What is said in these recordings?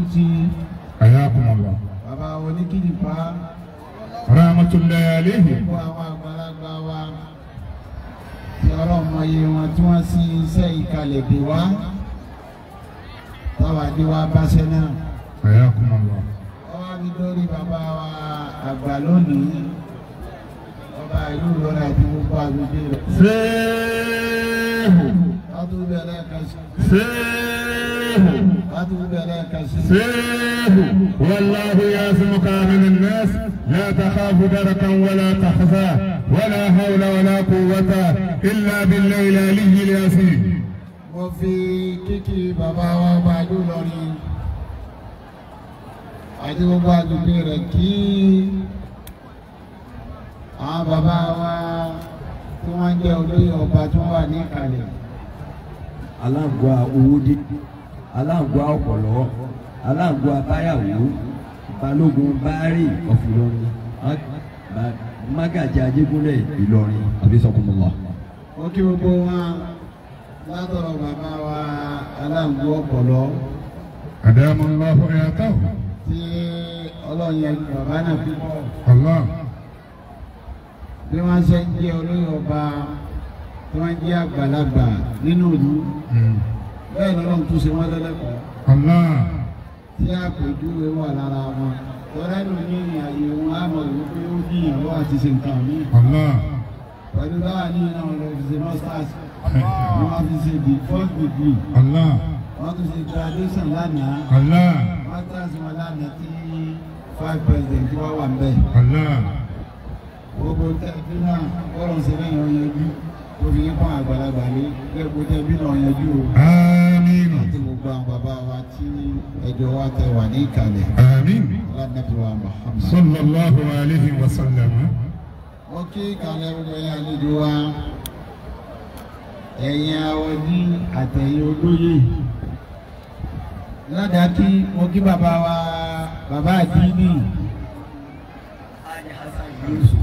Kuti. ayakumala. bàbá oníkìlìpá. rahmatulahi aleyhi. gbogbo àwọn àgbàlagbà wa tí ọlọ́mọye wọn tí wọ́n sí iṣẹ́ ìkàlẹ̀ dé wá táwa dé wá báṣẹ náà. ayakumala. ọwọ́ mi lórí bàbá wa àgbà lónìí ilu lora ìlọrin àti gbogbo àgbègbè rẹ̀. sẹ́ẹ̀hù. ọdún bẹ̀rẹ̀ kan sọ. سيف والله يعصمك من الناس لا تخاف دركا ولا تحزى ولا حول ولا قوة إلا بالله علي الياسين وفي كيكي بابا وبعد لوري àti gbogbo àdùgbò rẹ̀ kí àwọn bàbá wa tí wọ́n jẹ́ olóyè ọba tó aláǹgbá ọ̀pọ̀lọ́ aláǹgbá abáyàwó balógun báárì ọ̀fìlọrin mágàjà ajégúnlẹ̀ ìlọrin àbísọ̀kùnmọ̀lá. wọ́n kí gbogbo wa látọ̀rọ̀ bàbá wa aláǹgbá ọ̀pọ̀lọ́. àdàmú ńlá fún ẹyà táwọn. tí ọlọ́run yẹn bàbá náà fi bọ̀. ọlọ́run. bí wọ́n ṣe ń jẹ́ olóyè ọba tí wọ́n jẹ́ àgbàlagbà nínú ìlú. Mm bẹ́ẹ̀ lọ́lọ́run tó ṣe wọ́n lẹ́lẹ́kọ̀ọ́. tí àpèjúwe wà lára wọn lọ́rẹ́ ló ní àyè wọn á mọ̀ wípé ó bí ìyàwó àti ṣe nǹkan mí. pẹ̀lú báwa ní iná wọn lọ fi ṣe masters wọn fi ṣe the first degree wọn tún ṣe graduation lánàá masters wọn lánàá tí five president wá wà ń bẹ̀. gbogbo tẹ̀lifíṣàn bọ́lọ̀ ń ṣe lẹ́yìn orí yín àgbàlagbà ní gẹ́gbó tẹ́ bí náà yanjú o. àmín. àti gbogbo àwọn bàbá wa tí ẹjọ́ wa tẹ wà ní ìkàlẹ̀. àmín. aládàbí wa Muhammad. sallallahu alayhi wa sallam. wọ́n kí ìkàlẹ̀ gbogbo ẹ̀yà àlejò wa ẹ̀yin awọ́dí àtẹ̀yìn olóyè ládàá kí wọ́n kí bàbá wa bàbá àdínì. Hasan Yusuf.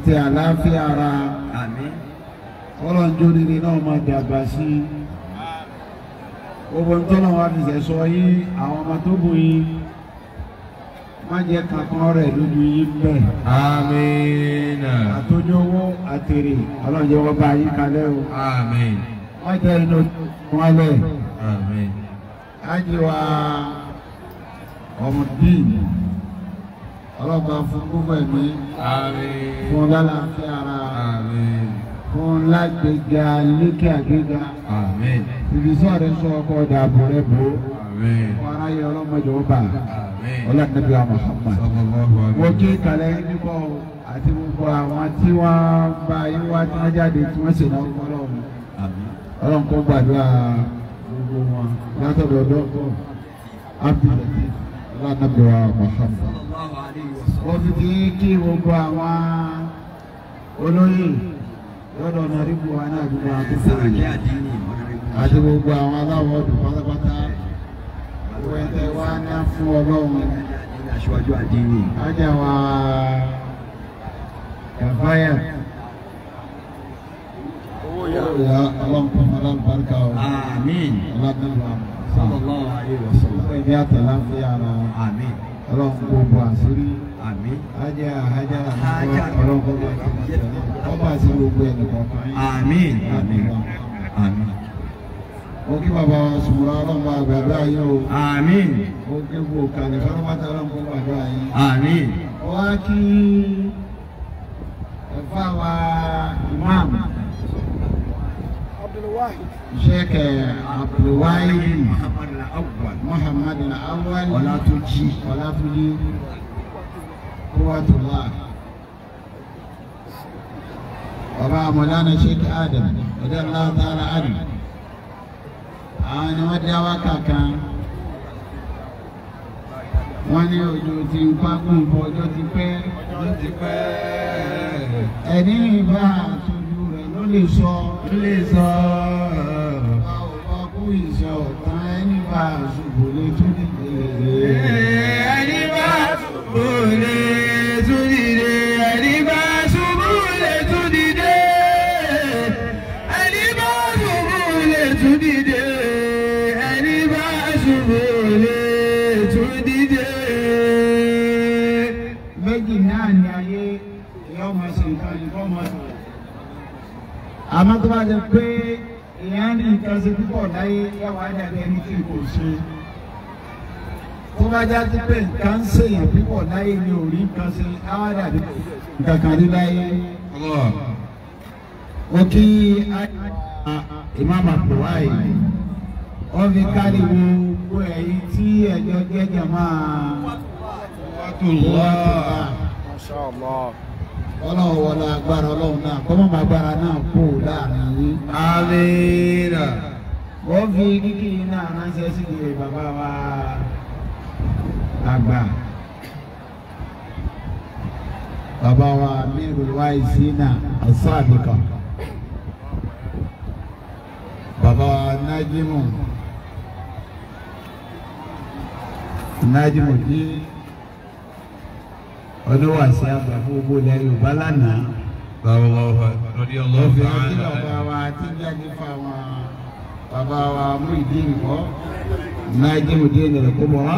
àti àlàáfíà ara ọlọ́njọ́ nílé náà máa dàgbà sí i gbogbo ń tọ́lọ́ wa fi sẹ̀sọ àwọn ọmọ tó bù yín má jẹ́ kankan rẹ̀ lójú yín bẹ́ẹ̀. àmín. àtọ́jọ́wọ́ àtèrè ọlọ́njọ́ bá yín kalẹ̀ o. àmín. wọ́n jẹ́ inú wọn lẹ̀. àmín. ájí wa ọmọdé yìí ọlọ́ba fún gbogbo ẹ̀mí fún lálàáfíà ara fún lágbègbè lékè àgbéga ìbísọ̀ rẹ̀ sọ ọkọ̀ dàbò rẹ̀ bò wọ́n aráyé ọlọ́mọdé ọba ọlọ́dúnrún wa Muhammad wọ́n kí kalẹ̀ níbọ̀ àti gbogbo àwọn tí wọ́n bá yín wá tí wọ́n jáde tí wọ́n sì náà kọ́ ọlọ́run kó gbàdúrà gbogbo wọn látọ̀dọ̀ ọdọ́ abdulaziz ọlọ́dúnrún wa Muhammad mo fi fi kí gbogbo àwọn olóyè lọ́dọ̀ ọ̀nàdìbò wa náà gbogbo àwọn tó sọ̀rọ̀ yìí àti gbogbo àwọn aláwọ̀ ọdún pátápátá gbogbo ẹ̀tẹ̀ wa ná fún ọlọ́run aṣáájú àdínì. ajá wa kàfáyà. owó yà wá ọlọ́run kọ́ ọmọ alábàárìkà sallallahu alaihi wasallam. ẹ̀mí àtàlà ń fi àná. àmín. ọlọ́run ajá ajá ọlọ́kọ́ ọba àti gbogbo ẹnì kọ̀ọ̀kan. àmín àmín àmín. ó kí bàbá wa sùnmùrà ọlọ́mọ àgbàdo ayé o. àmín. ó kí gbogbo kàlẹ́ fọlọ́mọta ọlọ́mọ àgbàdo ayé. àmín. wá kí ẹ̀fà wa imam. Sheikh Abdulwahid Muhammad al-Awwal Ọlátúnjí Ọlátúnjí rahmatullah bàbá mọ̀lánà sheikh adam ọ̀dọ́lá tààrà adam àwọn ni wọ́n dá wákà kan wọ́n ní ojú ti ń pákó nǹkan ọjọ́ ti pẹ́ ọjọ́ ti pẹ́ ẹni ìbá àtúndú rẹ̀ ló lè sọ ló lè sọ ọ̀pá òpá kó ìṣe ọ̀tá ẹni ìbá àṣùbò lè tún. bá jẹ pé èèyàn ní nǹkan ṣe púpọ̀ láyé yàwá dàbí ẹni tí kò ṣe tó bá já sí pé nǹkan ń ṣèyàn púpọ̀ láyé ni ò rí nǹkan ṣe yàwá dàbí nǹkan kan ní láyé. ó kí ìmáàmù àpòwá yìí ó fi kárí wo gbogbo ẹ̀yìn tí ẹ̀jọ̀ jẹ́jẹ̀ máa. wàtúwà ọlọ́run wọlé agbára ọlọ́run náà kọ́mọ́ máa gbára náà kú láàrin yín. amiina. wọ́n fi kíkì náà ránṣẹ́ sí ìdílé bàbá wa àgbà. bàbá wa amirul waizina asadika. bàbá wa najimu najimu dín ọdún wà sí àgbà fún gbogbo ilẹ̀ Yorùbá lánàá. bàbá wa wà lórí ọlọ́ọ̀fẹ́ àná. bàbá wa ti jáde fún àwọn bàbá wa mú ìdí nìkọ́ náà jẹ́ òde ìdẹ̀rẹ̀ kó bọ̀ wá.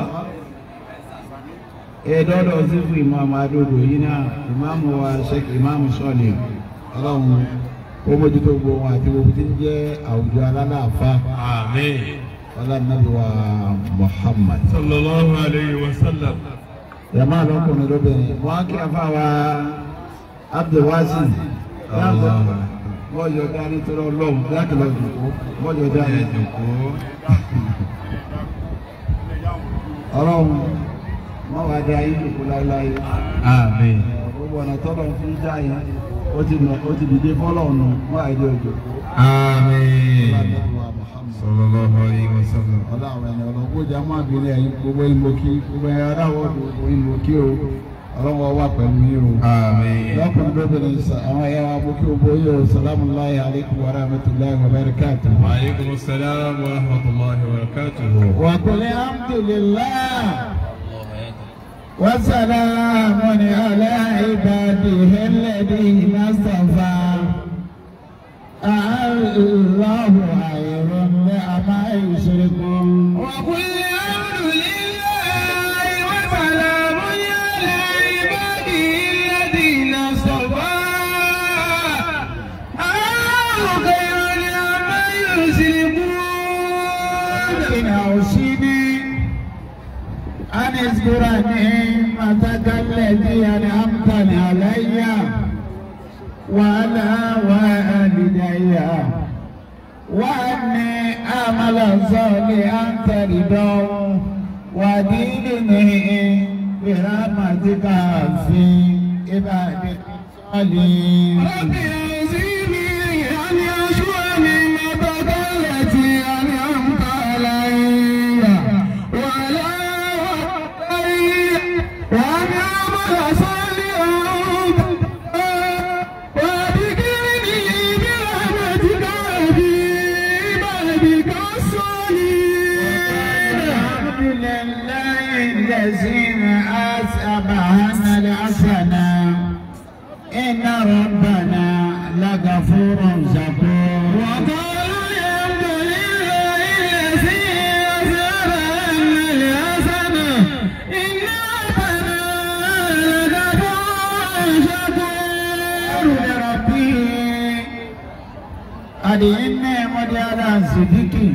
ẹ dọ́dọ̀ sí fún ìmáàmù adódò yìí náà ìmáàmù wa Sheikh ìmáàmù sọ̀nì ọlọ́run kó mójútó gbogbo wọn àti gbogbo tí ń jẹ́ àwùjọ alálàáfà. àmín. ọlọ́run náà bí wa Muhammad. sallallahu alayhi wa sallam yàmá lọkùnrin lóbìnrin wọn kí afa wa abdulwasi dáàbò wọn yọ dání tọrọ lọhùn láti lọ jòkó wọn yọ dání jòkó Ọlọ́run wọn wà dá yín jòkó láéláé àmín gbogbo ọ̀nà tọ́lọ̀ fún já yẹn ó ti dìde fọlọ́ọ̀nù wọn àìdí òjò. àmín sallallahu alaihi wasallam. ọlọ́run ẹni ọlọ́gbọ́n ìjà máa bí ní ẹ̀yìn gbogbo ìmọ̀kí gbogbo ẹ̀yìn adáwọ̀ gbogbo ìmọ̀kí o ọlọ́wọ́ wà pẹ̀lú yìí o. lọ́kùnrin lóbìnrin àwọn ẹ̀yà wa mú kí o bóyá o salamu alayhi aleykum wa rahmatulahi wa الله خير عما يشركون وقل الامر لله وسلام على عباده الذين اصطفى الله خير عما يشركون اوصيني ان اذكر نعمتك التي انعمت علي وعلى عملا صالحا ترضاه ودينه برحمتك في عبادك الصالحين لله الذين أسأبهن الحسنى إن ربنا لغفور شكور وقالوا الحمد لله الذي أسأبهن الحسنى إن ربنا لغفور شكور لربي أدي إني مديالا صديقي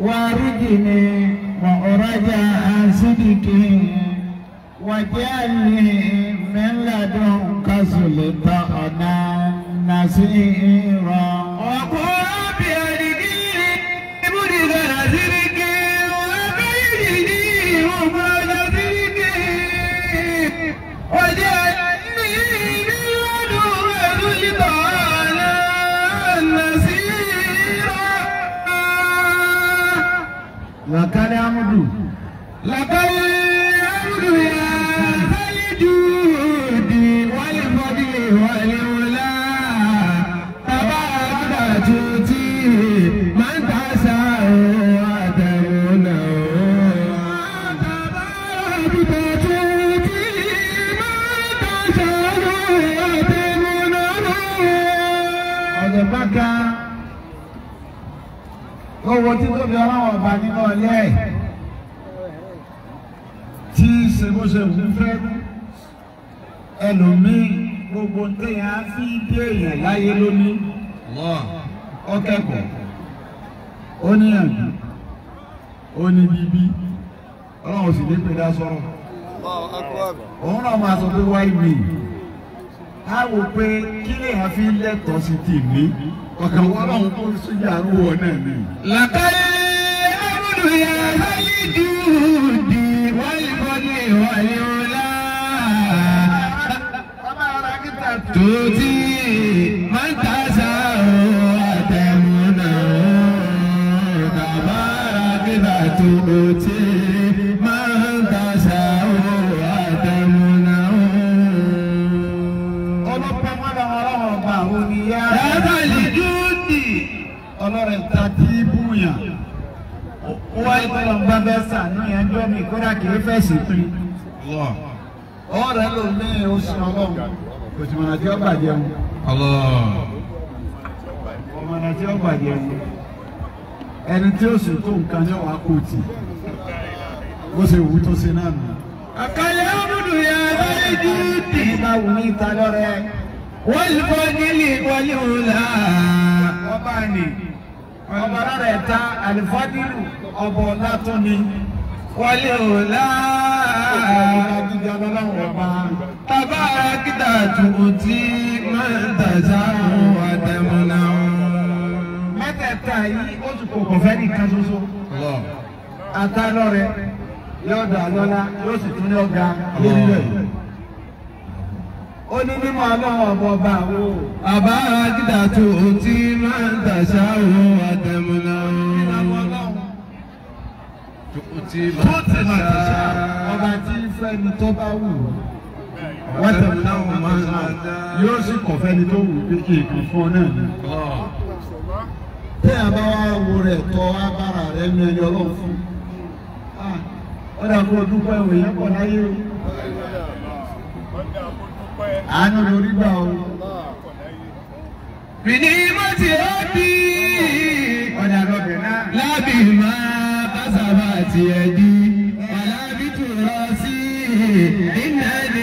وارجني رجاء صدق واجعلني من لدنك سلطانا نصيرا Lakari Amudu. Lakari owó títóbi ọlọ́wọ́ ọba nínú ọlẹ́ ẹ̀ tí ṣebóṣebù ń fẹ́ ẹlòmíì gbogbo téèyàn á fi dé èèyàn láyé lónìí ọkẹ́kọ̀ọ́ ó ní àjù ó ní bíbí ọlọ́run sì ní pẹ̀lú asọ́rọ̀ òun náà máa sọ pé wáyé mi á wò pé kí lèèyàn fi lẹ́tọ̀ọ́ sí tèmi ọ̀kan wọn náà kó sójà arúgbó náà ni. làkàyé ẹrúdù yà háyé dùdì wáyé bọ́dé wáyé ọ̀la. tòótì máa ń ta sáà. Thank you. rìntà kí búyàn ó wáyé tó lọ́n bá bẹ́ẹ̀ sànú yẹn jọ́ mi kódà kì í fẹ̀sì pin ọ̀rẹ́ ló ní oṣù ọlọ́run kò tí ó bàjẹ́ mu. ọmọdé tí ó bàjẹ́ mu ẹni tí ó sì tó nǹkan ní wàá kò ó sì wù tó ṣe náà nù. àkàlẹ́ ọdún yà lórí dídì. ọba wù mí ta wọ́n lè fọ́ nílé ìwọlé òun là. ọba ni ọba lára ẹ̀ta àlìfọ́dìlù ọba ọ̀la tó ni wọlé ọ̀la gidi ọlọ́run ọba tábà kíta tùmùtì máa ń tàṣà àwọn àtẹmọ́nà. mẹ́tẹ̀ẹ̀ta yìí ó ti kò kọ̀fẹ́ nìkan ṣoṣo àtàlọ́ rẹ̀ yóò dà lọ́la yóò sì tún ní ọ̀gá lórí rẹ̀ ó ní mímọ́ ọlọ́wọ́ bọ̀bà wò. bàbá àgídà tó o ti máa ń tàṣà wo àtẹ̀múná. o ti máa tàṣà ọba tí fẹ́ni tó bá wù wọ́n tẹ̀múná wò máa ń dá yóò sì kọ̀ fẹ́ni tó wù pé kí fún ọ náà ni. tẹ́ a bá wo rẹ̀ tọ́ abára rẹ̀ ní ẹni ọlọ́run fún. ọ̀dà ah, kó o dúpọ̀ ìwé yẹn pọ̀ láyé o àánú lórí gbà o. mi ní mo ti ó bí ọ̀dà lọ́bẹ̀ náà. lábì máa bá sábà tiẹ̀ di ọ̀làbí tó lọ sí ìnáyà.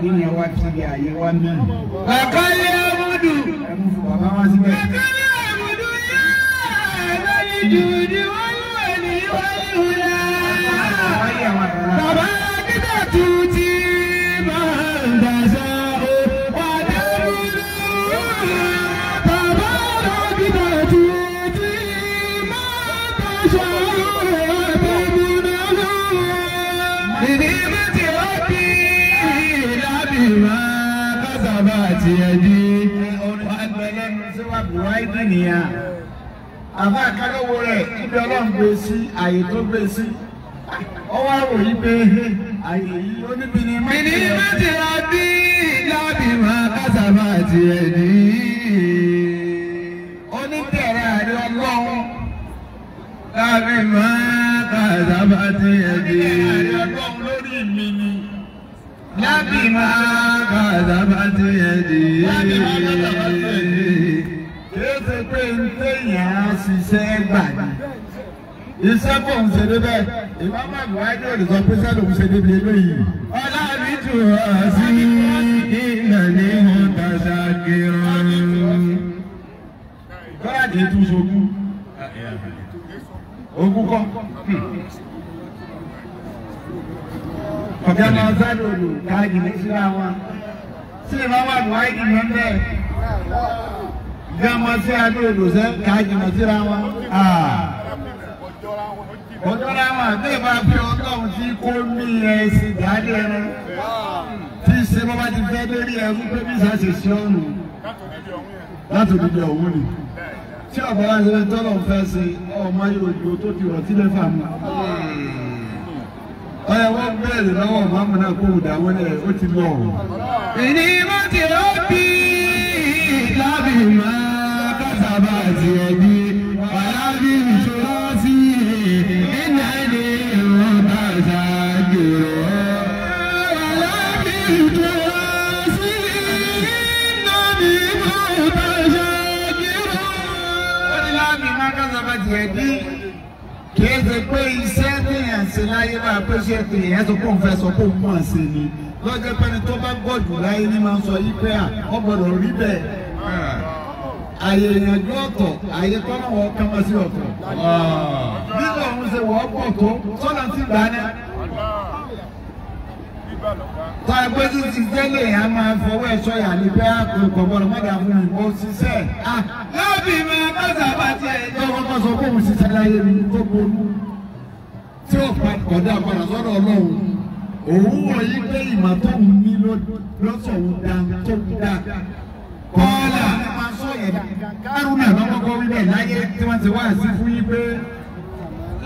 àdínà wa ti di àyè wa náà. gbé sí àyè tó gbé sí ọwọ́ àwọ̀ yìí pé àyè yìí ó níbi ni má ti rà bí lábì máa kásáfà tiẹ̀ ní. iṣẹ́ kò ń ṣe débẹ̀ ìmọ̀mọ́ àbúwájú olùkọ́ pẹ́sẹ́ lòún ṣe débi eléyìí. ọlá mi tù ọ sí ìlàlẹ́ hàn tàṣà kìrọ̀. kọ́lá kìí tún sókú ogún kọ́ ọ̀gá máa sáré olù káàdì ní síra wọn sí ìmọ̀mọ́ àbúwájú ló ń bẹ̀ gbàmọ́ sí adé olùsẹ́ káàdì ní síra wọn. Ah òtọ́lá máa bí ìbá fi ọlọ́run tí kò mí ẹsìn dáadé ẹran tí í ṣe bọ́bá ti fẹ́ lórí ẹrú pé bí ìṣàṣe sí ọ̀run láti òdìdí ọ̀hún ni tí ọ̀bọ̀ wá ṣe tọ́lọ̀ fẹ́ ṣe ọmọ yòòjò tó ti rọ̀ sílẹ̀ fà mí. ọ̀yà wọ́n bẹ̀rẹ̀ lọ́wọ́ mọ́mú náà kó ìdáwọ́ lẹ̀ ó ti lọ. ìní mo ti rọ́ bí lábì máa kásábà àti ẹ̀dí. ẹbí kìí ṣe pé iṣẹ́ téèyàn ṣe láyé bá a pé ṣe èèyàn sọ fóun fẹ́ sọ fóun mọ̀ ṣe ni lọ́jọ́ pẹ́ni tó bá gọ̀jù láyé ní máa ń sọ yí pé à ọ gbọ́dọ̀ rí bẹ́ẹ̀ àyè ìyànjú ọ̀tọ̀ àyè tọ́nà wọ́n kán wá sí ọ̀tọ̀ nígbà òun ṣe wọ́n pọ̀ tó sọ́nà ti gbà ní. tá a gbé sí ti tẹ́lẹ̀ a máa fọwọ́ ẹ̀ṣọ́ yà ní bẹ́ẹ̀ kò gbọ́dọ̀ mọ́dà fún mi mo ṣiṣẹ́ bí ma kọ́sà bá tiẹ̀ jẹ́. ọwọ́ kan sọ fóun sì ṣàlàyé mi tó ború tí ó pa kọ̀dá padà sọ́dọ̀ ọlọ́run òun wọ̀nyí pé ìmọ̀ tó ń ní lọ́sọ̀hún dá tó ń dá. kọ́lá kárùnà lọ́kọ́kọ́ wí bẹ́ẹ̀ láyé tí wọ́n ti wá sí fún yín pé.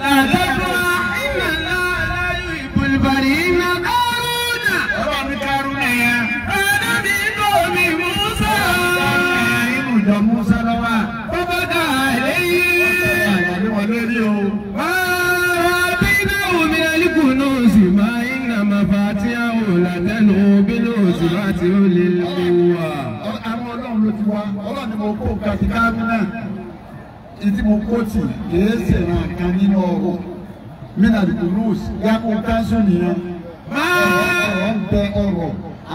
làdàbà ìmọ̀lá aláyọ̀ ìbòlùbàrì iná kárùnà. ọlọ́run kárùnà. tẹnu bínú òsì láti ó lè mú wa. àwọn ọlọ́run ló ti wá ọlọ́run ni mo kó kàtí kámínà ìdí mo kó tì kìí ṣe ràn kan nínú ọ̀rọ̀ mina lukulus yàgò kánsó nìyẹn. ọ̀rọ̀ ń bẹ ọ̀rọ̀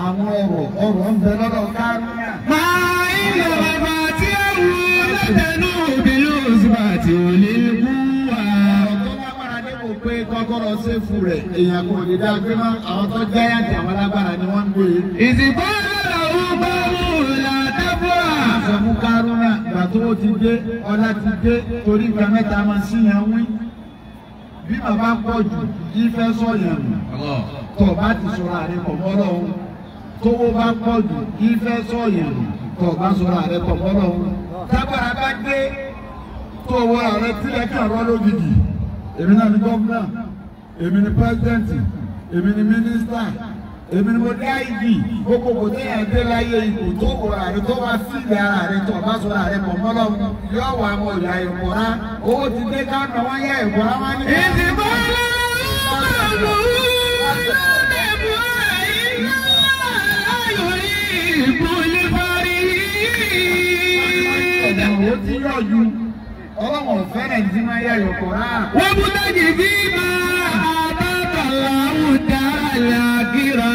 àwọn ọ̀rọ̀ ọ̀rọ̀ ń bẹ lọ́dọ̀ kámínà. máa ń lọ bàbá tí ó wù ú lọ́tẹ̀ẹ́nù bínú òsì láti ó lè mú wa pé kọ́kọ́rọ́ séfù rẹ̀ èèyàn kò lè dá gbé mọ́ àwọn tó jẹ́ yàtì àwọn alágbára ni wọ́n ń gbé. ìsìnkú ọ̀rọ̀ bọ́ọ̀lù làtẹ́fọ́. àfẹ̀mú kárúnà ìgbà tó o ti dé ọlá ti dé torí ìgbà mẹ́ta máa síyàn wí. bí bàbá pọ̀ jù yí fẹ́ sọ̀yàn nù tọ̀ bá ti sọ̀rọ̀ àrẹ pọ̀ mọ́lọ́ tówó bá pọ̀ jù yí fẹ́ sọ̀yàn nù tọ̀ bá sọ̀rọ̀ àrẹ pọ̀ mọ́lọ́ tábàrà bá dé tó wọ àrẹ tílẹ̀ kàn rọ́ èmi náà ni gọ́vnà èmi ni pẹ́sidẹ́ǹtì èmi ni mínísítà èmi ni mo dá ìdì gbogbo kò tẹ́ ẹ̀ dé láyé ipò tó wọ ààrẹ tó wá sí ilẹ̀ ara rẹ tó bá sọ ààrẹ pọ̀ mọ́ lọ́wọ́ wà mọ ìlà ìwòrá owó ti dé kánò wọ́n yá ìwòrá wá ní. ìdìbò lọ́wọ́ lẹ́bù àìyá ìbò lè parí. ọ̀dà wo ti yọ̀ ọlọ́wọ̀n fẹ́rẹ̀ tí máa yá yọ̀kọ̀ náà. wọ́n mú lẹ́yìn bí máa àbábàlá àwùjá àlàkìrà.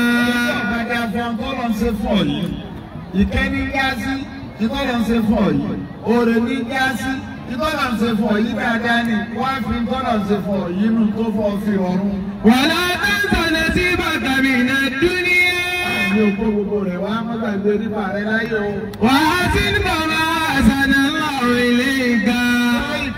ìjọba àfọ̀n tọ́lọ̀ ń ṣe fọ̀ yìí ìkẹ́ni yá sí ìtọ́lọ̀ ń ṣe fọ̀ yìí òrè ní yá sí ìtọ́lọ̀ ń ṣe fọ̀ yìí dáadáa ni wọ́n á fi ìtọ́lọ̀ ń ṣe fọ̀ yìí nù tó fọ́ fi ọ̀run. wàlá tẹ̀sán sí bàtà mi nà àmì òkú gbogbo rẹ̀ wá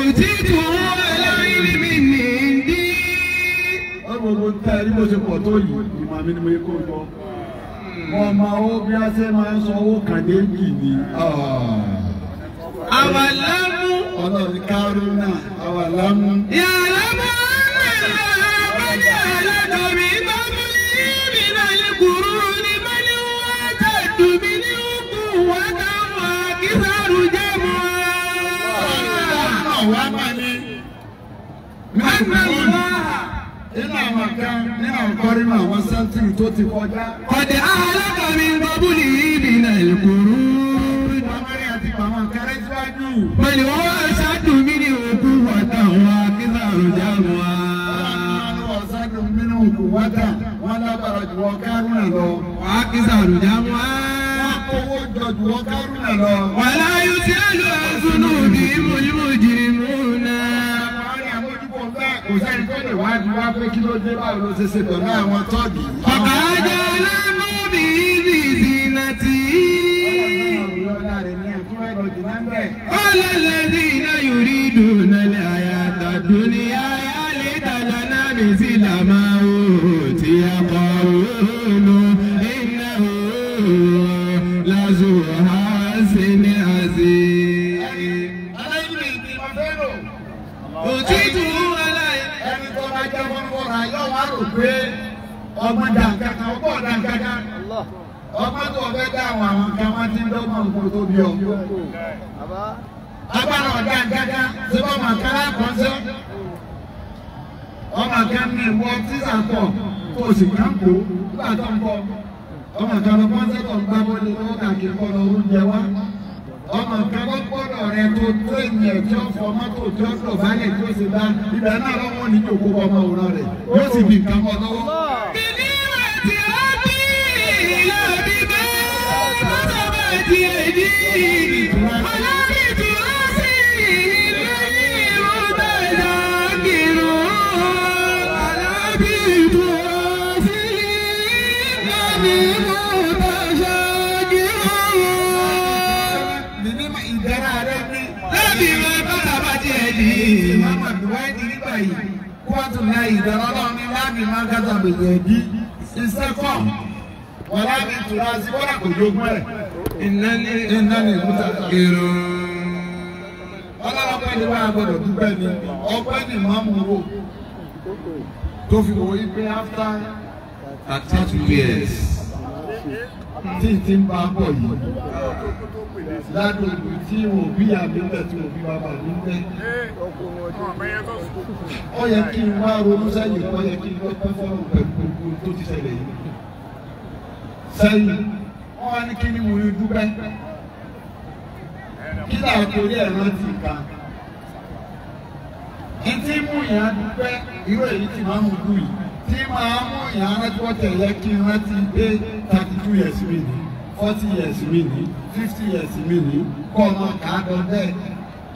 òtítù aláìní mi ní ndí. wọ́n gbogbo ń ẹni bó ṣe pọ̀ tó yìí ìmọ̀ mi ni mo kó jọ. ọmọ owó bí a ṣe máa ń sọ owó kàdé yìí ni. àwàlámù. ọlọ́run kárọ́nà àwàlámù. yàrá bá. nínú àwọn kan nínú àwọn kọrin náà àwọn sẹ́ńtìrì tó ti kọjá. ọ̀dẹ̀ alákàmì bọ́bùlì yìí nìyẹn ìkòrò. ìgbàmọ́rin àti pàmò kẹrẹ́ síwájú. pẹ̀lú wọn wá ṣáàdùn mí ní òkú wọ̀tà wa kí sàròjà wa. wọn ṣáàdùn mí ní òkú wọ̀tà wọn lábàrà jù wọn kárùn-ún lọ. wàá kí sàròjà wa. wọn kówó jọ jù wọn kárùn-ún lọ. kò sẹ́ni tó lè wádìí wá pé kí ló dé báwo ló ṣe ṣe pẹ̀lú àwọn tọ́ọ̀gì. bàbá àjọ lánà mi ní ìdìnnà tí. ọlọ́lẹ̀ ní iná yorí dùn lálẹ́ àyà àtàdúnyá yálé dàgbà mi sí làmáwò tí a kọ́ ọ́. rò pé ọmọ dàǹkàkà ọgbọ́n dàǹkàkà ọmọ tó fẹ́ dá àwọn àwọn nǹkan wọn ń dọ́gbọ́n nǹkan tó bí ọ. agbára ọ̀dà dàǹkàkà ṣé wọ́n mọ̀ kan ṣe ọmọ kan ní ìwọ tíṣà pọ̀ kó o sì kàn kó nígbà tó ń bọ̀ ọmọ kan lọ pọ́ńsẹ́tọ̀ ń gbá bọ́ọ̀lù lọ́wọ́ kàkiri kọ́ lọ oúnjẹ ọmọ nǹkan lọ́gbọ́dọ̀ rẹ tó tó ènìyàn tí ó fọ mọ́tò tí ó lò balẹ̀ sì bá ibà náà lọ́wọ́ ní ìjòkó ọmọ òran rẹ̀ yóò sì fi nǹkan mọ́ lọ́wọ́. bìbí wà tí ó bí ìyá mi bá bá ti èdè. yìí kóòtù náà ìdáná náà ní láàbì máa gàdà gbèyàn ẹbí ṣiṣẹ́ kọ́ wọn láàbì ìtura sí kọ́dà kò jogún ẹ̀ iná ní ìmúta èrò. ọlọ́run pẹ̀lú wa gbọ́dọ̀ dúpẹ́ ni ọpẹ́ ni mọ́mú wò tó fi wò yí pé after thirty years tí ti ń bá a bọ̀ yìí ládùúgbò tí wọ́n bí àmì bẹ̀ tí wọ́n bí bàbá mi bẹ́. ó yẹ kí n wá ronú sẹ́yìn ó yẹ kí n lọ́ọ́ pẹ́ fọ́ọ̀rù pẹ̀lú gbogbo tó ti ṣẹlẹ̀ yìí. sẹ́yìn wọ́n wá ní kí ni mo dúpẹ́. kí làá torí ẹ̀ rántí kan. ẹ ti mú ìyá dúpẹ́ irú èyí tí màá mú dùn yìí tí máa mú ìyánájúwọ́tẹ̀ yẹ kí n rántí pé thirty two years mi ni forty years mi ni fifty years mi ni kọ́ ọmọ kàádọ́ bẹ́ẹ̀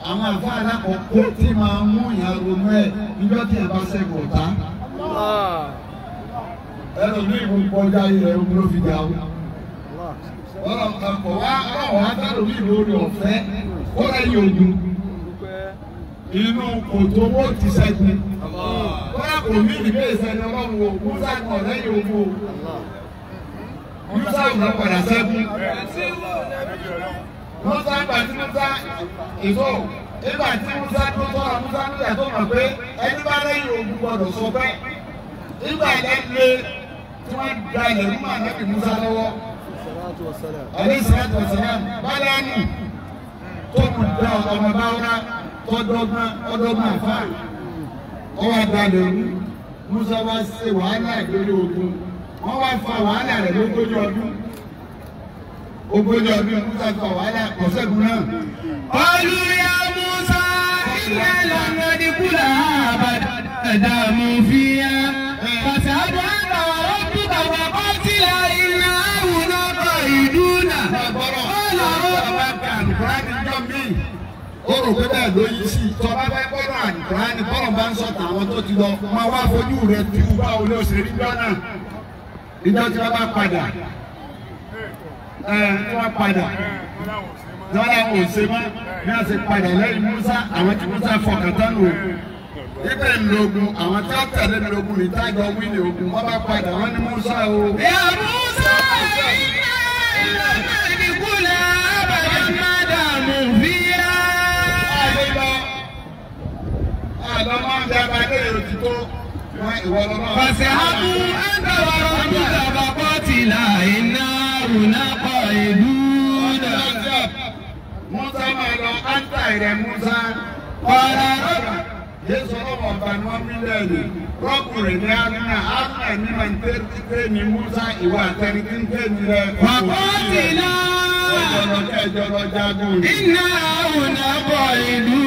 àwọn àfọ alákọ̀ọ́kọ́ tí máa mú ìyàrònú ẹ̀ níjọ́ tí ẹ bá ṣẹ́gun ọ̀tá ẹnu ní ìwé kọjá ilẹ̀ ogun ló fi dáwó. ọ̀rọ̀ kàkọ́ wá ọ̀rọ̀ agbára ní ìlú orí ọ̀fẹ́ ó rẹ̀ yóò dùn. inú kòtò owó ti ṣẹ́gun kò mí ìdílé ìsẹ̀ni ọlọ́run o musa kọ̀ lẹ́yìn oko musa ọ̀nà padà sẹ́gun musa gbàtí musa ìfọ̀ nígbà musa tó tọ́ra musa nígbà tó mọ̀ pé ẹni bá lẹ́yìn ogun gbọ́dọ̀ sọ pé nígbà yẹn tí wọ́n da ilẹ̀ mímọ́ ànábì musa lọ́wọ́ alẹ́ sàlátù wasalam bálẹ̀ ànú tó kù dá ọmọ báwọn tọ́dọ́gbọ́n ọdọ́gbọ́n àfáà wọ́n wá gbalẹ̀ musa wá ṣe wàhálà ìdórí ogun wọ́n wá fa wàhálà rẹ̀ lógójì ọdún ogójì ọdún musa fa wàhálà kọ̀ṣẹ́gun náà. olùyà musa ilé lọ́nà dìkúlà àbàdàmú fìyà pàṣẹ àbọ̀ ọ̀rọ̀ tó bàbá kọ́ sílẹ̀ iná àwùjọ kọ ìdúnà ọ̀là ó ó rò pé bẹ́ẹ̀ ló yí sí tọ́ba bẹ́ gbọ́dọ̀ àdìpọ́n ní bọ́lọ̀ bá ń sọ tàwọn tó ti lọ máa wá fojú rẹ tú báwo ló ṣe rí lọ́nà ìjọ tí wọ́n bá padà tí wọ́n padà tí ò ṣe mọ́ bí wọ́n ṣe padà lẹ́yìn Musa àwọn tí Musa fọkàn tán lò ibẹ̀ lógun àwọn tí wọ́n tẹ̀lé lógun ìtajọ wíìlì ogun wọ́n bá padà wọ́n ní Musa o. ìyá Musa yìí. àlọ́mọ́ bí abájọ́ èrò ti tó wọn ìwọ lọ́wọ́. pàṣẹ àbú ẹgbẹ̀rún ọ̀rọ̀ ọdún ìjọba pọ́tìlà iná ònà pọ̀ ìlú náà. Musa máa lọ áńtà rẹ̀ Musa. Kọ́lá rọ́bà Jésù ọlọ́wọ́ ọ̀gbà ni wọ́n mí lẹ́nu. Rọ́pù rẹ̀ ní Aruna, Aruna ní ma ń tẹ́ tẹ́ ní Musa ìwà àtẹni tí ń tẹ́ ní rẹ̀. Pàpọ́tìlà. Ìjọba kẹjọ lọ jagun. Iná ònà pọ̀ ìlú.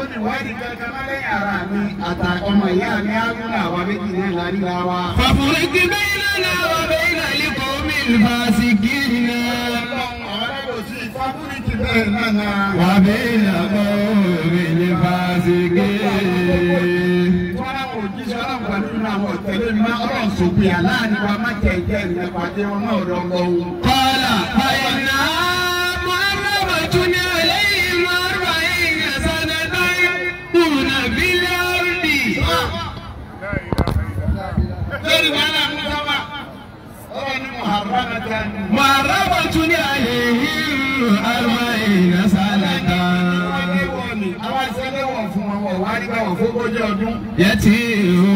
ó ní wádìí kankan lẹ́yìn ara mi àtà ọmọ ìyá mi ágúnlá àwa méjì náà láríra wa. fàfúrí kí bẹ́ẹ̀ náà wà bẹ́ẹ̀ náà lè kọ́ mi lùfà sí kiri náà. fàfúrí kí bẹ́ẹ̀ náà wà bẹ́ẹ̀ náà kọ́ mi lùfà sí kiri ọlọ́run máa ọlọ́run sòkè àlàní wa má jẹ ìjẹ́ ìrìnàpàdé wọn náà rọgbọ ohun. mọ̀rọ́bọ̀tún ní àlèyìn arúgbáyìn sálàtà. àwọn ìṣẹ́lẹ̀ wọ̀ fún wọn wọ̀ wá nígbà wọ̀ fún ogójì ọdún. yẹtí o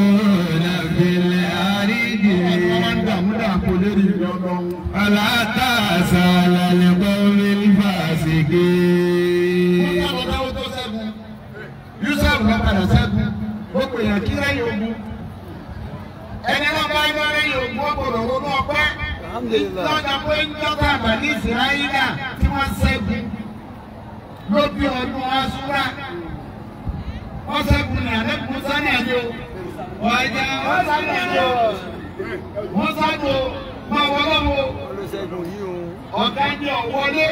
nàbẹ̀lẹ̀ àrídì. wọ́n ń dààmú dàpọ̀ lórí ìyọ́nà. aláta sàlàlẹ̀ kọ́mí fàṣẹ̀gẹ́. wọ́n bá wọn tó sẹ́gun. yusuf ló padà sẹ́gun. ó pè yàn kí lẹ́yìn ogun. ẹni náà bá yọ lẹ́yìn ogun ó gbọ́dọ̀ ronú ọpẹ́. lọ́dà pé ń tọ́ka àbàní ìsìláyídà tí wọ́n ṣẹ́gun lóbi ọdún wọ́n ṣẹ́gun ní àdẹ́kùn wọ́n wọ́n ọ̀gá ni ọ̀wọ́lé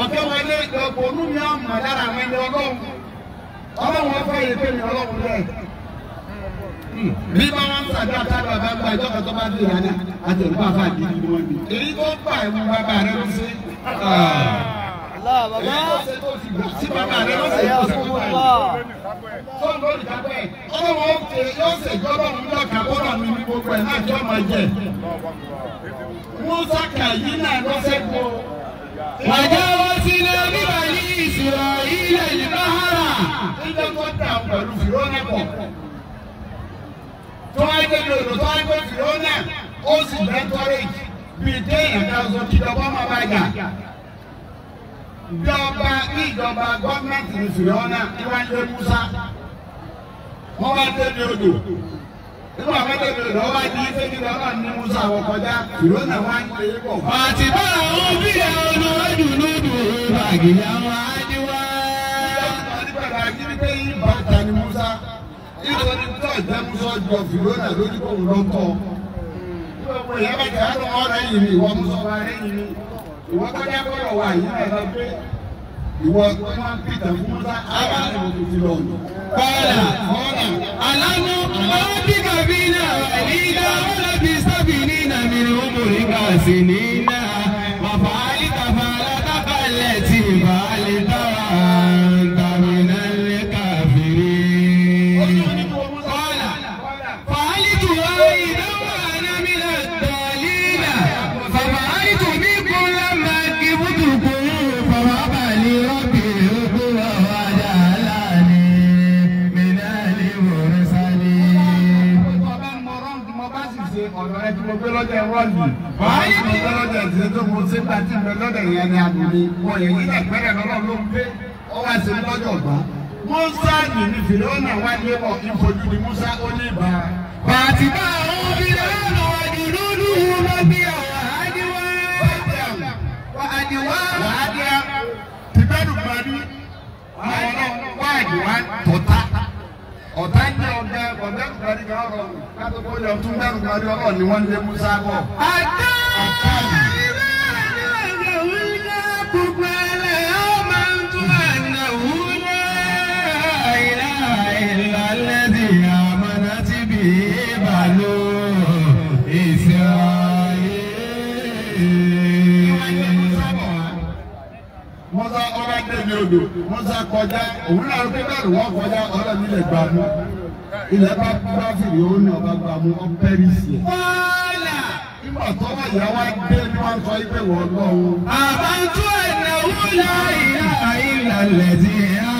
ọ̀kẹ́wọlé lọ́gbọ̀nú mi àmọ̀ lára àwọn ẹni ọlọ́run ọlọ́run ọ̀fẹ́ yìí mi ọlọ́run lẹ́yìn. bí bá wọn sàdé àtàgbà bá gba ìjọba tó bá dé ìyáná àti òkú àfa àdìdì ni wọn bí. èyí tó gbà ẹ̀wù bàbá rẹ ló ṣe. èyí tó ṣe tó fi gbà sí bàbá rẹ ló ṣe tó fún wa. fóònù olùdápẹ́ ọlọ́wọ́ ṣe yóò ṣe gbọ́dọ̀ ń lọ kàbọ́dọ̀ mi ní gbogbo ẹ̀ náà jọ́ máa jẹ. musa kàyí náà ló ṣẹ́gun. wàjà wọ́n ti lé oníbàyí ìṣòro ilẹ̀ ìbáhárà. nígbà tó wáá gbé dòdò tó wáá gbé fìlónà ó sì bẹ́ tọ́rẹ́jì bíi téèyàn ká sọ kí ìjọba ọmọ bá jà. ìjọba ìjọba gọ́ọ̀mẹ̀ntì ní fìlónà ní Musa wọ́n wá dé dòdò nígbà wọ́n dé dòdò wá ní ife bàbá ní Musa wọ́n kọjá fìlónà wá ń lé bọ̀. àtibá àwọn bí àwọn ọmọ ẹ̀dùn lódò bàgìlá wa. nígbà tí tó àjámúsọ jọ fìlónà lójú kòun ló ń kọ. ìwọ̀n ìyá bàtà á lọ ọ̀rẹ́ yìí ni ìwọ musa bá rẹ̀ yìí ni ìwọ kọjá kọ̀rọ̀ yìí náà lọ pé ìwọ tó máa ń pìtà fún musa ábà lọ́wọ́ ti lọ. kọ́lá kọ́lá alámú ọ̀bí kàbí náà ìdá ọ̀làbí sábì ní nàmìnira ó mú ní kàásì Olúmpé ọwọ́ ẹsẹ̀ lọ́jọ́ ọ̀gbá Musa nìyí fìlọ́nà wá ní ọ̀ ìfojú ni Musa ó ní ìbá. bàtí bá àwọn fìlọ́nà wájú lólu ló bí ọ̀wà àdìwá wà àdìwá wà àdìwá tìbẹ́rù gbani wà àdìwá tọ́ta ọ̀tá ń jẹ́ ọ̀gá ọ̀gá ìgbàlejò ọ̀rọ̀ kátó kó yọ tún bẹ́rù gbani ọ̀rọ̀ ni wọ́n lé Musa bọ̀. Musa kọjá òun náà pé náà ló wọ́n kọjá ọlọ́run ilẹ̀ gbà mú ilẹ̀ bá bá fìrí òun náà bá gbà mú ọpẹ́rì sí ẹ̀. bọ́ọ̀là. nígbà tó wà yà wá dé ni wọ́n sọ pé wọ́n lọ o. àbájú ẹ̀dáwó la ìyá ìlàlẹ̀ tí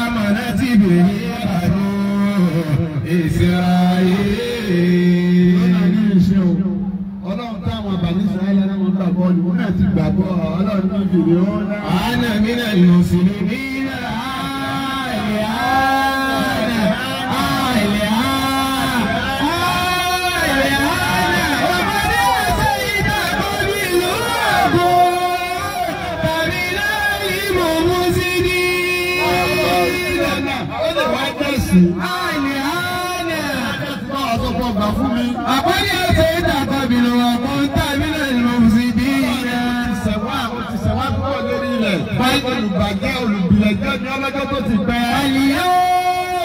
àmàlà ti bèrè àdó ìsirayé. ọlọ́run táwọn àbàlí sọ ẹ́ lẹ́nu gbàgbọ́ ni wọ́n náà ti gbàgbọ́ ọlọ́run náà fìrí òun náà. àánà mi náà lọ sí ní. lọ́jọ́ tó ti pẹ́. àyíyá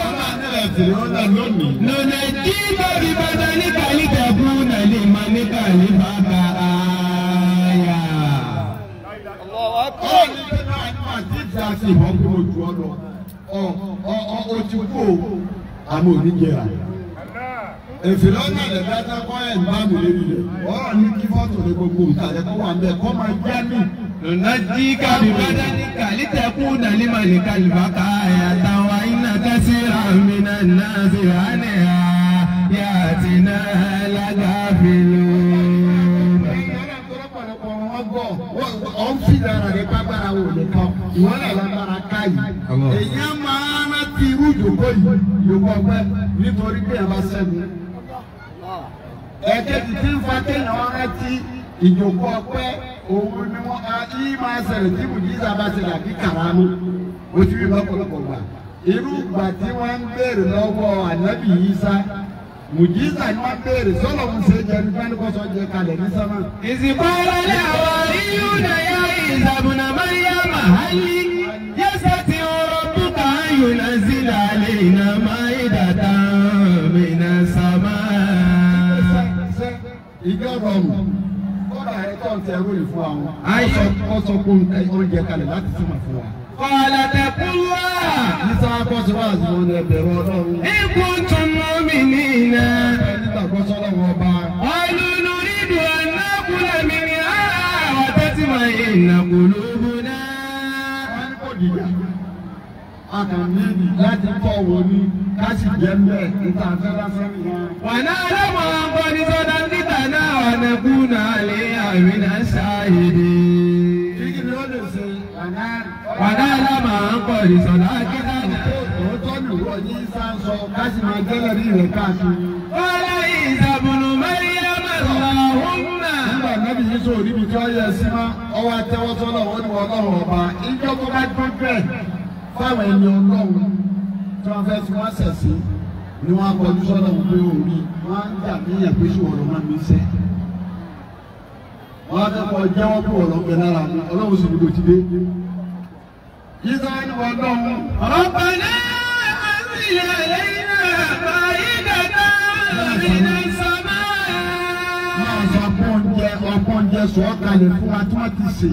ọba náà ti rọ́nà lónìí. lọ́nà kí bẹ́ẹ̀ni bàtà níkà níkà fún nàlẹ́ ìmọ̀ níkà ní bàbá àyà. ní kí náà àti ìjà sí ìbọn kúrò jù ọ lọ. ọ ọ ọ ti kú o àmọ́ ò ní jẹ́ra èfìlọ́nà ìdẹ́gbẹ́ta kọ́ ẹ̀ ń bá mi lébi rẹ̀ ọ̀rọ̀ ní kí fọ́tò ní gbogbo ìtàjẹ́ kó wà ń bẹ̀ kọ́ máa jẹ́ mi. Nàjí kábí bàdá ní kàlítẹ̀kù nàlímà ní kàlífà ká ẹ̀yà táwa iná kẹ́sì ràmínà náà sí ránì ha yá àti náà lágàfìlú. Ọ̀n fi dára ní pápára wò nìkan, ìwọ́n lè lágbára ká yìí. Èyí á máa rántí irú ìdókòyì, ìdókòyì nítorí pé ẹ bá sẹ́nu ẹ̀kejì tí ń fa kéèyàn rántí ìjòkó ọpẹ́ òun ni wọ́n yí máa ṣẹlẹ̀ tí mùjíza bá ṣẹlẹ̀ àbí kàrámù ojú bí lọ́pọ̀lọpọ̀ gbà irú ìgbà tí wọ́n ń béèrè lọ́wọ́ ànábì Ìsá mùjíza ni wọ́n béèrè sọ́lọ̀ ń ṣe jẹ́ nípa ní kọ́sọ́ jẹ́ kalẹ̀ ní sánmà. ìsìnkú àwọn yíyú náyà ìsàbùnà Maryama hali yẹ́sẹ̀ tí ó rọ́ bùkà ayùnà sílẹ̀ àlè ìnàmáyé dàda. ìjọ rọrùn kọ́dà ẹ̀tọ́ ń tẹ wéèrè fún àwọn. ayé ọ̀sọ̀ kó oúnjẹ kalẹ̀ láti túmọ̀ fún wa. ọ̀là tẹ̀kún wá. nísà bọ́sù wá àzùmọ̀ ní ẹ̀bẹ̀rù ọlọ́run. ikú tún mọ́ mi ní iná. ẹni tàgbọ́ sọ́lọ́ wọn bá. ọlọ́nu rídu ẹ̀nàkúlẹ̀ mi ní àárọ̀ tẹ́tí máa yẹ ìnàkúlógún náà. wọ́n ní kò dìjà a kàn níbi láti kọ́ wò ní ká sì jẹ́ mbẹ́ níta fẹ́lásán nìyẹn. wọnà lọ́mọ akọni sọ́dọ̀ níta náà ọ̀nà kú náà lé àwìn náà ṣáàyèdè. kíkì ni ó lè ṣe wọnà lọ́mọ akọni sọ́dọ̀ níta náà. òótọ́ nìwọ yìí sá sọ ká sì máa gẹ́lẹ́ ní ìrẹ̀ káàkiri. wọ́n ìsàbùnù mẹ́rìyàmà lọ́hùnmá. nígbà nábì yìí sọ òní tí wọ́n yẹ sí má ọwọ́ àtẹwọ́sọ́lọ́ wọn ni wọ́n lọ́wọ́ ọba ìjọba bá gbọ́ fáwọn ẹni ọlọ́run tí wọ́n fẹ́ fi wọ́n sẹ̀sí ni wọ́n akọjú sọ́dọ̀ wọn pé omi wọ́n á dà bí yàn pé ṣùgbọ́n ọ̀rọ̀ máa mi sẹ́. wọ́n á kẹ́kọ̀ọ́ jẹ́wọ́ pé ọ̀rọ̀ pẹ̀ lára mi ọlọ́run sì gbogbo ti dé. yíṣẹ́ ni wọ́n lọ́wọ́. ọ̀pọ̀ náà àmì ìyàlẹ́yìn náà bá yí dàda ìrìnà ọgbọ́n jẹ ọgbọ́n jẹ sọ̀ọ́ kalẹ̀ fún wa tí wọ́n ti sè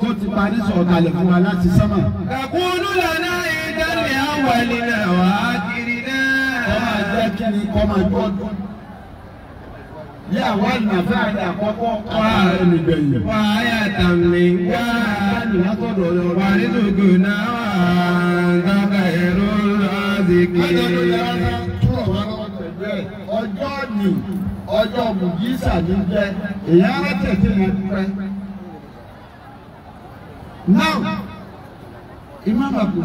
tó ti parí sọ̀kalẹ̀ fún wa láti sánmà. kàkúrú lọ́nà ìdálẹ̀ àwàlẹ̀ náà wà á kiri náà. kọ́ máa kí ni kọ́ máa jọ́ dún. Yé àwọn àlùfáà àti àkọ́kọ́ kọ́ àárín ìgbẹ̀yìn. Wà á yà tàmì wá. Wà á nínú gùnà wà á dábà ẹ̀rọ lọ́sìkì. Ajọ́dún yàrá náà túrọ̀ wá lọ́wọ́ pẹ̀lú ẹ̀. Ọjọ́ ni ọjọ́ Bùjísà ní jẹ́. Èyí á rántí ẹ̀sìn pẹ́ now Imam Abu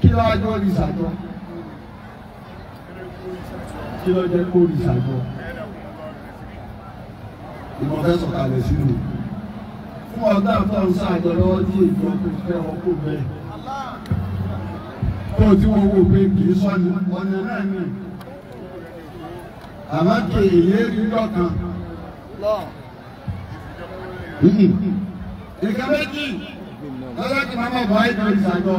kí ló ajọ́ orí ìsàjọ́ kí ló jẹ́ kó orí ìsàjọ́ ìmọ̀ fẹ́ sọ̀kalẹ̀ sínú fún ọ̀dọ́ àtọ́run sáàjọ lọ́wọ́ tí èyí ọkùnrin fẹ́ ọkọ̀ bẹ́ẹ̀ tó tí wọ́n wò pé kì í sọ́ni ọ̀nà náà ni àmọ́ kì í lérí lọ́kàn. Hmm nǹkan méjì lọ́jọ́ kí màmá buhari kan rí sàjọ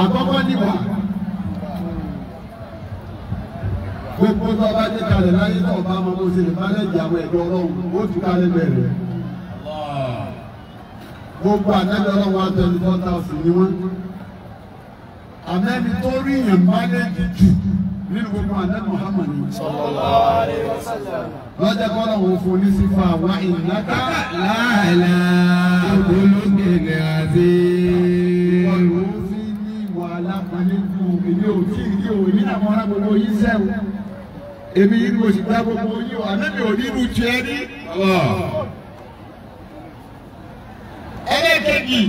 àkọ́kọ́ níwà gbogbo tó bá dé kalẹ̀ láyé tó bá ọmọ mọ́sẹ̀ lè mánéjì àwọn ẹ̀dọ́ ọlọ́run ó tún kalẹ̀ bẹ̀rẹ̀ gbogbo àtẹ́jọ́ ọlọ́run wa twenty four thousand ni wọ́n àmẹ́ni tó rí yẹn mánéjì jù nínú gbogbo àná Muhammad lọ́jọ́ kọ́nà òun fún ní sífà wá ìnáka láàlá olóńgbèlè àti ìwọ̀lù fi ní ìwà alápàlẹ́kù èmi ò tí ì òní àwọn ará yìí sẹ́wọ̀ èmi yìí ni mo sì gbá gbogbo yìí ọ̀ àná ò ní irú jẹ́ rí. ẹlẹ́kẹ̀jì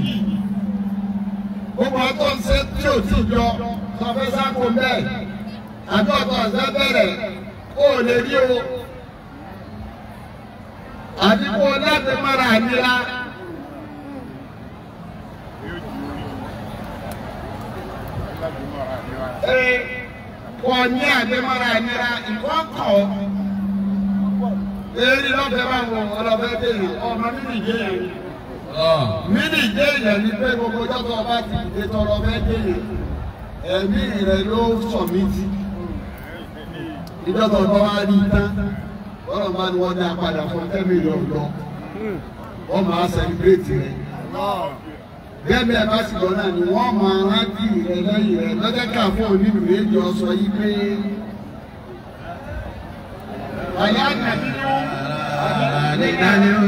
gbogbo àtọ́nsẹ́ tí ò tí ì jọ sọ fẹ́ bẹ́ẹ̀ àbí ọ̀tọ̀ ọ̀sẹ̀ bẹ̀rẹ̀ kó o lè rí o àbí kó o láti mara ànira. Kò ní àdémọ́ra ànira ìkọ́kọ̀ eré lọ́fẹ̀ẹ́ máa ah. ń wọ ọlọ́fẹ́ bèrè ọmọ nínú ìbéèrè nínú ìbéèrè ni pé gbogbo ọjọ́ tó o bá ti dìde tọrọ ọfẹ́ bèrè ẹ̀mí rẹ̀ ló sọ̀mí ti ìjọba ọba wa rí i tán ọlọ́run bá ní wọ́n dá padà fún ten million lọ wọ́n máa sẹ́líbrétì rẹ̀ bẹ́ẹ̀ bẹ́ẹ̀ bá sì lọ náà ni wọ́n máa rántí rẹ̀ lẹ́yìn rẹ̀ lọ́jọ́ káfọ́ onílù méjì ọ̀sọ̀ yìí pé àyà nàbí ni ó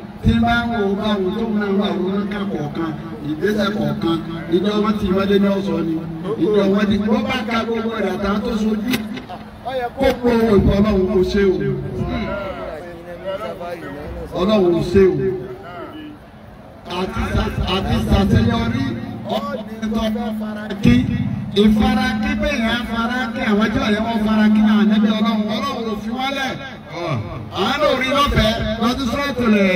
tí bá ń wo bá wo tó ń wo àwọn oníkà kọ̀ọ̀kan ìgbésẹ̀ kọ̀ọ̀kan ìjọ wọn ti wọlé ní ọ̀sán ni ìjọ wọn ti wọ́n bá ka gbogbo rẹ̀ àtàwọn tó sojú kókó ìtọ́ ọlọ́run kò ṣe o ọlọ́run kò ṣe o àti ṣàṣeyọrí ọ̀pọ̀ tó fara kí ìfarakí bẹ́ẹ̀ yẹn fara àwọn ẹjọ́ yẹn wọ́n fara náà níbi ọlọ́run ọlọ́run ò fi wọ́lẹ̀ àánú orí lọ́fẹ̀ẹ́ lọ́dún sọ́ọ̀tù rẹ̀.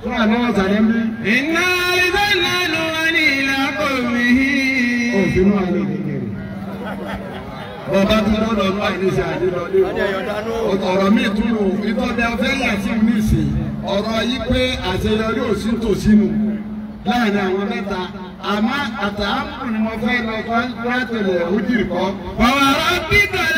fún àná ọ̀sàlẹ̀ mi. iná ibà lánà wà ní ìlàkọ mi. òfin máa ní ìdíje. bọ́ba tó lọ́dọ̀ ló àìníṣe àdínlọ lé o. ọ̀rọ̀ mi tún lò ìtọ́jú afẹ́lẹ̀ sí mi sí. ọ̀rọ̀ yìí pé àṣeyọrí òsín tòsínú láàrin àwọn mẹ́ta àmọ́ àtàwọn ni mo fẹ́ lọ fún àtẹlẹ ojú ìkọ́. bàbá rẹ bí kàlẹ́.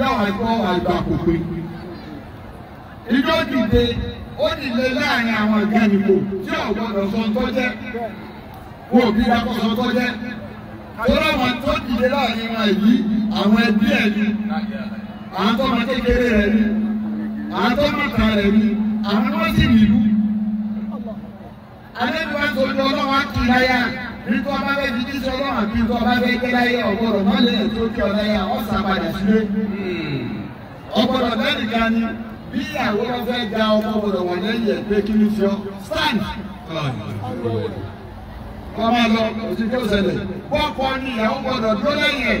yàrá ẹ̀kọ́ àgbà kò pé. Ìjọ dìde ó dìde láàrin àwọn ìgbàanìkò tí ọ̀gbọ́dọ̀ sọ tó jẹ́. Wọ́n òbí dákọ̀ sọ tó jẹ́. Tọ́lá wọn tó dìde láàrin wọn yìí àwọn ẹbí ẹ̀ ni. Àwọn tó máa kékeré rẹ̀ ni. Àwọn tó máa ta rẹ̀ ni. Àwọn tó sì nílùú. Adébíwájú ojú ọlọ́wọ́ á kí láyà nítorí ọba bẹ́ẹ̀ fi jíṣẹ́ ọlọ́run àbí nítorí ọba bẹ́ẹ̀ gbé láyé ọ̀gbọ́dọ̀ má tó kí ọ̀la yà ọ́ sàpadà sílé. Hmm. ọ̀gbọ́dọ̀ bẹ́ẹ̀ nìkan ni bí ìyàwó lọ fẹ́ gba ọmọ gbọ́dọ̀ wọ̀ lẹ́yìn ẹ̀ kí ni fi stand. ọmọ lọ òsì tó ṣẹlẹ̀ bọ́ọ̀kọ ni ìyàwó gbọ́dọ̀ dúró lẹ́yìn ẹ̀.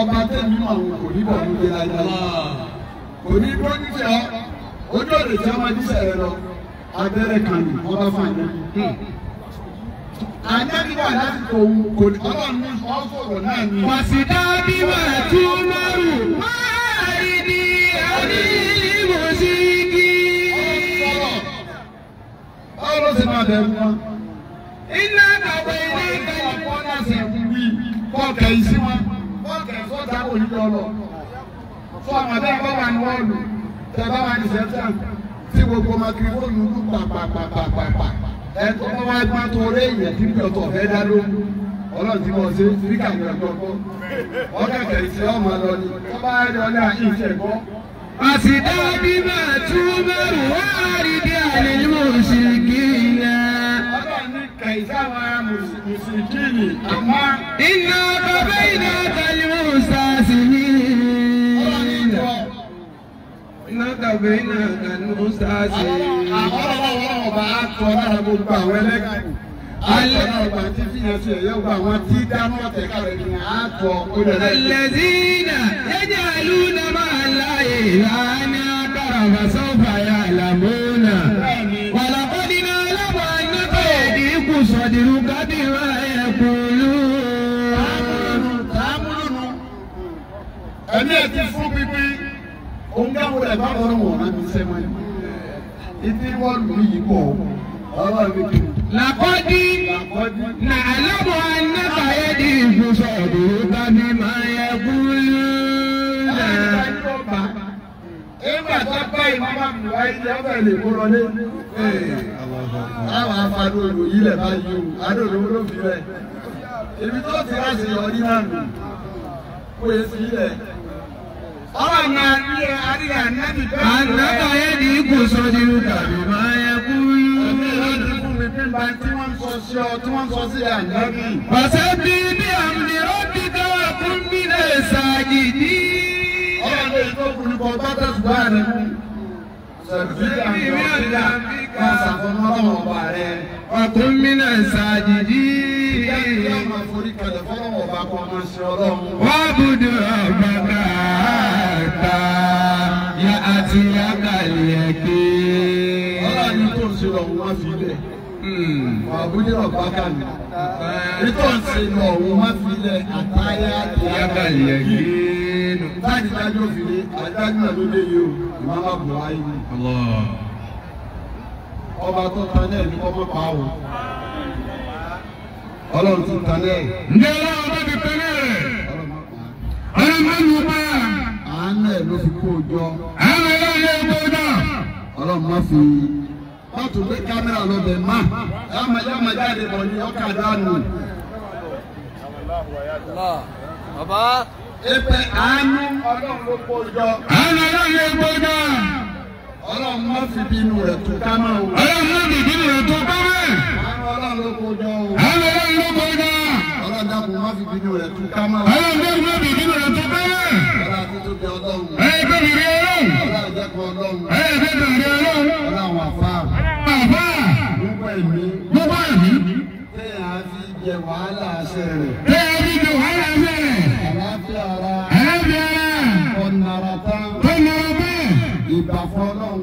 ọba tẹ̀mí mọ̀ àwọn kò ní bọ̀ ní ojú láyé kò ní dúró ní tiẹ̀ ojú ọ̀rẹ́ tí a máa dísẹ̀ rẹ lọ abẹ́rẹ́ kan ní ọba fún àná. wà láti kò kò ní ọlọ́run ní ọ̀fọ̀rọ̀ náà ni. wàsídà bí wà tún márùn máa rí ni a ní mọ̀síkì. báwo ló ṣe máa bẹ̀rù wọn. iná bàbá iná bẹ̀rù wọn náà ṣe wí kọ́ọ̀kẹ́ ìsí wọn sábò yìí lọ́lọ́ fún àwọn abẹ́rẹ́ bá wà ní wọ́ọ̀lù tẹ bá wà ní sẹ́ńtẹ̀lì tí gbogbo makirifóònù lù pàpàpàpàpà ẹ̀tọ́ wọn wá gbọ́n tó ré ìyẹn tí mi ò fẹ́ dá lóhùn ọlọ́run tí wọ́n ṣe fíkà ní ọjọ́ gbọ́ wọ́n kẹ̀kẹ́ ìṣe ọmọ lọ ni tó bá yọ ní àìṣe gbọ́. àṣìdá bí máa tú mẹ́rù wá rí bí àlejò òṣìkì ilẹ̀. ọlọ́run ní kẹ̀síà dàbí iná kanú sáàsì. àwọn ọlọ́wọ́ ọba akọ lára gbogbo àwọn ẹlẹ́kùn. ayé ọba tí fìyàn sí ẹ̀yọ́ gba àwọn tí dáná ọ̀tẹ̀ kárẹ̀ ní akọ olùdarí. ẹlẹ́dínà ẹ̀jẹ̀ àlù náà máa láàyè ìlànà káràbà sọ́ọ̀fà yà làmúnà. wàlàkọ́dínà alábọ̀ àyínká èdè ikú sọ̀dìrú kábìrà ẹ̀kúlú. ẹ̀mí ẹ̀ ti fún ngamura ba ọ̀rọ̀ wọn na mi sẹ wọn ibi wọn lu yi kọ ọwọ́ mi kiri. lakọdi na alamu anaka yẹ di ifusọ ọdun tàbí máa yẹ kúlú na. Nígbà tó bá ìmọ̀mọ́ mi wá ilé ọbẹ̀ lè kó lọlé. Àwọn afáàlú olùyí lẹ̀ bá yí o, àdóòdó ló fi rẹ̀. Èmi tó ti rà sí ọ ní àná, kó yẹ e ilẹ̀. Àdàbà yẹn ni ikú sọ́jú tàbí máa yẹ kú yú. Pàṣẹ bí bí àmì ọ̀bí dáwà fún mi náà ṣáàjì ní. Ọ̀rọ̀ ìtòkùnrin kan bá tẹ̀sùbá rẹ̀ mú. Sọ̀rọ̀ bí àmì ọ̀bí dáwà kan ṣàfọ̀mọ́ ọ̀rọ̀ ọ̀bà rẹ̀. Ọkùn mi náà ṣáàjì ní. Ìyá ìyá máa forí kalẹ̀ fọ́lọ́wọ̀ bá kọ́ ọmọ ṣe ọlọ́run. Wọ́n bùdó ọ̀gbọ̀n káà. àtàkà yẹ àti àkàlẹ̀ ké. ọlọ́run tó ń ṣe lọ́wọ́ wọn fi lẹ̀. Hmm. àbújá ọ̀pá kàlẹ̀. ní tó ń ṣe lọ́wọ́ wọn fi lẹ̀ àtàyà àkàlẹ̀ ké. láti dájú òfin náà ló dé yìí o ìmáàmà ni. ọba tó náà ní kọ́kọ́ pa o. ọlọ́run ti ǹjẹ́ ọlọ́run bá ti rẹ̀? ọlọ́run bá. àánú ẹ̀ ló fi kó o jọ. àánú ẹ̀ yẹ kó o ọlọ́run má fi má gbé kámẹ́rà lọ má yàmà bọ̀ ní ọkà dànù. bàbá. epe àánú ọlọ́run ló kó o jọ. àánú ọlọ́run ló kó o ọlọ́run má fi bínú rẹ̀ tún kámẹ́ o. ọlọ́run má fi bínú rẹ̀ tún kámẹ́. ọlọ́run ló kó o jọ o. àánú ọlọ́run ló kó o ọlọ́run dàkú má fi bínú rẹ̀ tún kámẹ́ o. ọlọ́run má fi bínú rẹ̀ tún kámẹ́ ẹ̀yin tó bèrè ọlọ́run ẹ̀yin tó bèrè ọlọ́run ọlọ́run àfà gbogbo ẹ̀mí tẹ̀yà fi jẹ wàhálà àṣẹ rẹ̀ tẹ̀yà fi jẹ wàhálà àṣẹ rẹ̀ àlàáfíà ara ọ̀nàràtà ìbàfọ́ ọlọ́run.